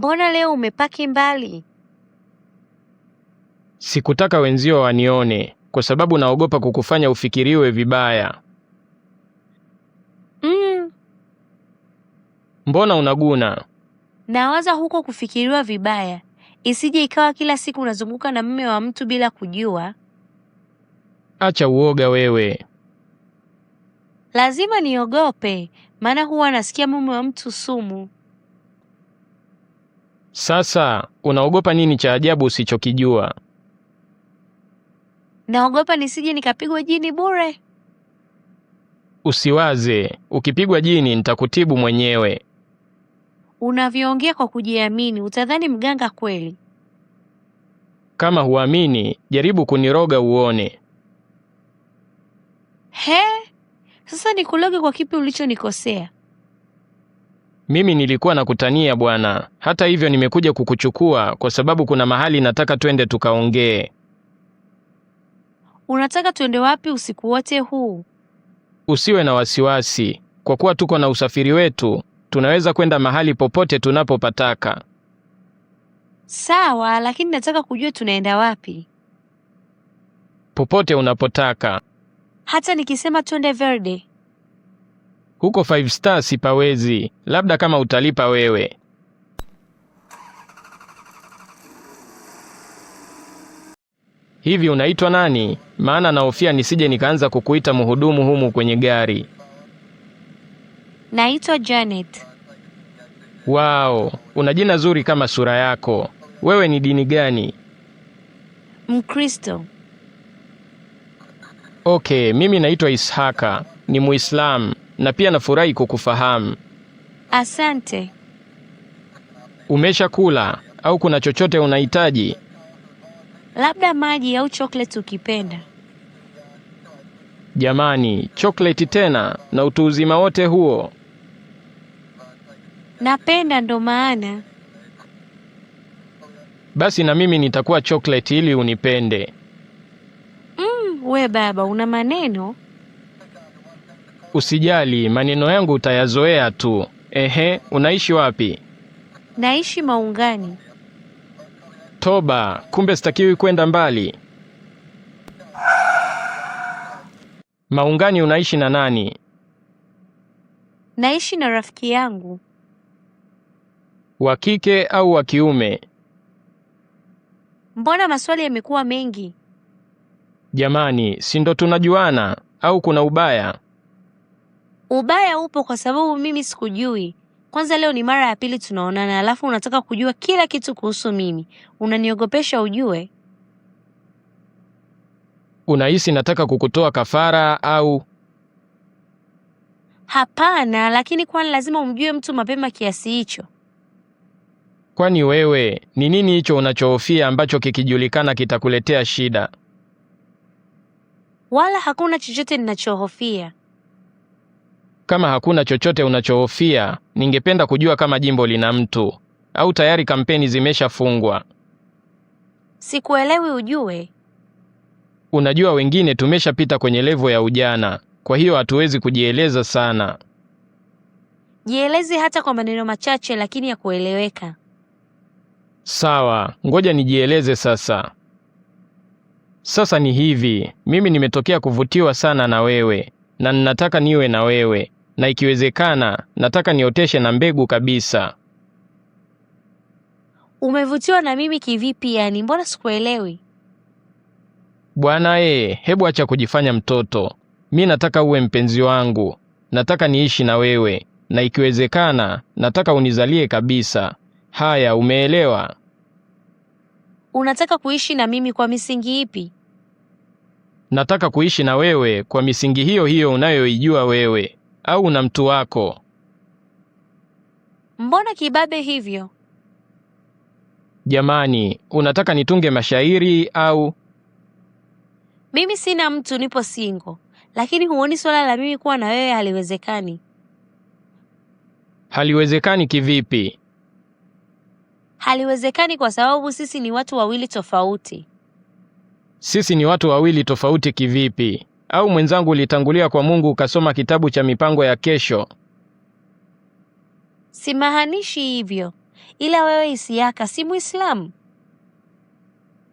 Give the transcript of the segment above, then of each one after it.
Mbona leo umepaki mbali? Sikutaka wenzio wanione kwa sababu naogopa kukufanya ufikiriwe vibaya. Mm. Mbona unaguna? Nawaza huko kufikiriwa vibaya, isije ikawa kila siku unazunguka na mume wa mtu bila kujua. Acha uoga wewe. Lazima niogope, maana huwa nasikia mume wa mtu sumu. Sasa unaogopa nini cha ajabu usichokijua? Naogopa nisije nikapigwa jini bure. Usiwaze, ukipigwa jini nitakutibu mwenyewe. Unavyoongea kwa kujiamini, utadhani mganga kweli. Kama huamini, jaribu kuniroga uone. He, sasa nikuloge kwa kipi ulichonikosea? mimi nilikuwa nakutania bwana, hata hivyo nimekuja kukuchukua kwa sababu kuna mahali nataka twende tukaongee. Unataka twende wapi usiku wote huu? Usiwe na wasiwasi, kwa kuwa tuko na usafiri wetu, tunaweza kwenda mahali popote tunapopataka. Sawa, lakini nataka kujua tunaenda wapi. Popote unapotaka. Hata nikisema twende Verde? Huko five star sipawezi, labda kama utalipa wewe. Hivi unaitwa nani? Maana nahofia nisije nikaanza kukuita mhudumu humu kwenye gari. Naitwa Janet. Wao, una jina zuri kama sura yako. Wewe ni dini gani? Mkristo. Okay, mimi naitwa Ishaka, ni Muislamu na pia nafurahi kukufahamu. Asante. Umesha kula au kuna chochote unahitaji? Labda maji au chokleti ukipenda. Jamani, chokleti tena na utu uzima wote huo? Napenda ndo maana. Basi na mimi nitakuwa chokleti ili unipende. Mm, we baba una maneno. Usijali, maneno yangu utayazoea tu. Ehe, unaishi wapi? Naishi Maungani. Toba, kumbe sitakiwi kwenda mbali. Maungani unaishi na nani? Naishi na rafiki yangu. Wa kike au wa kiume? Mbona maswali yamekuwa mengi? Jamani, si ndo tunajuana au kuna ubaya? Ubaya upo kwa sababu mimi sikujui. Kwanza leo ni mara ya pili tunaonana, alafu unataka kujua kila kitu kuhusu mimi. Unaniogopesha ujue. Unahisi nataka kukutoa kafara au? Hapana, lakini kwani lazima umjue mtu mapema kiasi hicho? Kwani wewe ni nini hicho unachohofia ambacho kikijulikana kitakuletea shida? Wala hakuna chochote ninachohofia. Kama hakuna chochote unachohofia, ningependa kujua kama jimbo lina mtu au tayari kampeni zimeshafungwa. Sikuelewi ujue. Unajua, wengine tumeshapita kwenye levo ya ujana, kwa hiyo hatuwezi kujieleza sana. Jieleze hata kwa maneno machache, lakini ya kueleweka. Sawa, ngoja nijieleze sasa. Sasa ni hivi, mimi nimetokea kuvutiwa sana na wewe na ninataka niwe na wewe, na ikiwezekana nataka nioteshe na mbegu kabisa. Umevutiwa na mimi kivipi yani? Mbona sikuelewi bwana. E, hebu acha kujifanya mtoto. Mi nataka uwe mpenzi wangu, nataka niishi na wewe, na ikiwezekana nataka unizalie kabisa. Haya, umeelewa? Unataka kuishi na mimi kwa misingi ipi? Nataka kuishi na wewe kwa misingi hiyo hiyo unayoijua wewe au na mtu wako. Mbona kibabe hivyo? Jamani, unataka nitunge mashairi au? Mimi sina mtu, nipo singo lakini huoni swala la mimi kuwa na wewe haliwezekani. Haliwezekani kivipi? Haliwezekani kwa sababu sisi ni watu wawili tofauti. Sisi ni watu wawili tofauti kivipi? au mwenzangu ulitangulia kwa Mungu ukasoma kitabu cha mipango ya kesho? Simaanishi hivyo, ila wewe Isiaka si Muislamu.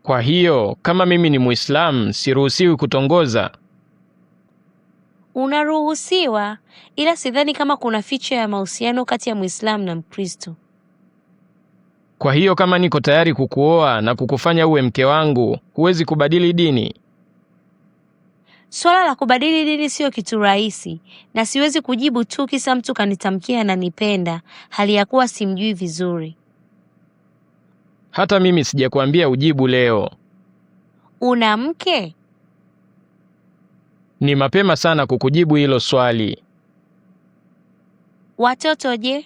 Kwa hiyo kama mimi ni Muislamu siruhusiwi kutongoza? Unaruhusiwa, ila sidhani kama kuna ficha ya mahusiano kati ya Muislamu na Mkristo. Kwa hiyo kama niko tayari kukuoa na kukufanya uwe mke wangu, huwezi kubadili dini? Swala la kubadili dini siyo kitu rahisi, na siwezi kujibu tu kisa mtu kanitamkia ananipenda, hali ya kuwa simjui vizuri. Hata mimi sijakuambia ujibu leo. Una mke? Ni mapema sana kukujibu hilo swali. Watoto je?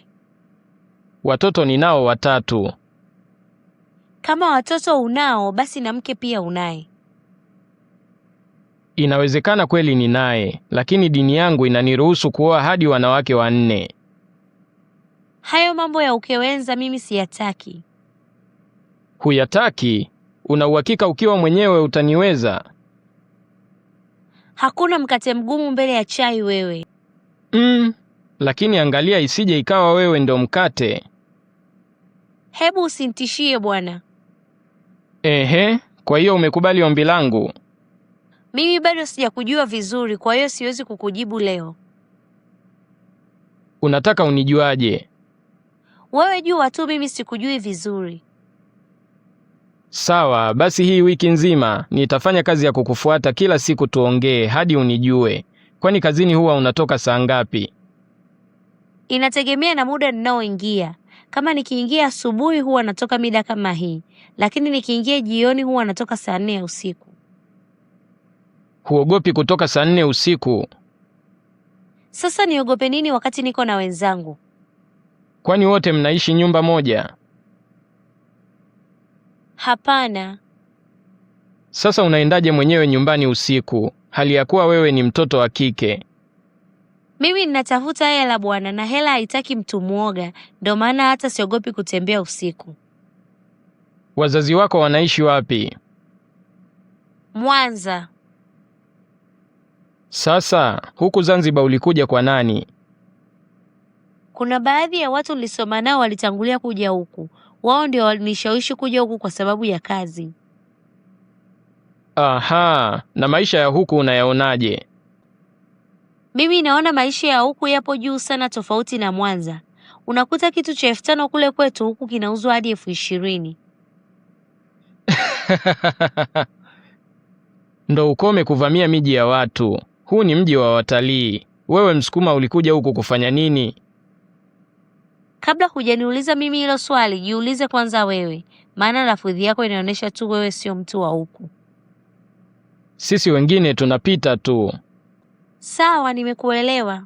Watoto ninao watatu. Kama watoto unao, basi na mke pia unaye. Inawezekana kweli ni naye, lakini dini yangu inaniruhusu kuoa hadi wanawake wanne. Hayo mambo ya ukewenza mimi siyataki. Huyataki? Una uhakika ukiwa mwenyewe utaniweza? Hakuna mkate mgumu mbele ya chai wewe. Mm, lakini angalia isije ikawa wewe ndo mkate. Hebu usintishie bwana. Ehe, kwa hiyo umekubali ombi langu? Mimi bado sijakujua vizuri, kwa hiyo siwezi kukujibu leo. Unataka unijuaje? Wewe jua tu, mimi sikujui vizuri. Sawa, basi hii wiki nzima nitafanya kazi ya kukufuata kila siku, tuongee hadi unijue. Kwani kazini huwa unatoka saa ngapi? Inategemea na muda ninaoingia. Kama nikiingia asubuhi huwa natoka mida kama hii, lakini nikiingia jioni huwa natoka saa nne ya usiku. Huogopi kutoka saa nne usiku. Sasa niogope nini wakati niko na wenzangu? Kwani wote mnaishi nyumba moja? Hapana. Sasa unaendaje mwenyewe nyumbani usiku, hali ya kuwa wewe ni mtoto wa kike? Mimi ninatafuta hela bwana, na hela haitaki mtu mwoga, ndio maana hata siogopi kutembea usiku. Wazazi wako wanaishi wapi? Mwanza. Sasa huku Zanzibar ulikuja kwa nani? Kuna baadhi ya watu nilisoma nao walitangulia kuja huku, wao ndio walinishawishi kuja huku kwa sababu ya kazi. Aha, na maisha ya huku unayaonaje? Mimi naona maisha ya huku yapo juu sana, tofauti na Mwanza. Unakuta kitu cha elfu tano kule kwetu, huku kinauzwa hadi elfu ishirini. Ndo ukome kuvamia miji ya watu. Huu ni mji wa watalii. Wewe Msukuma, ulikuja huku kufanya nini? Kabla hujaniuliza mimi hilo swali, jiulize kwanza wewe, maana lafudhi yako inaonyesha tu wewe sio mtu wa huku. Sisi wengine tunapita tu. Sawa, nimekuelewa.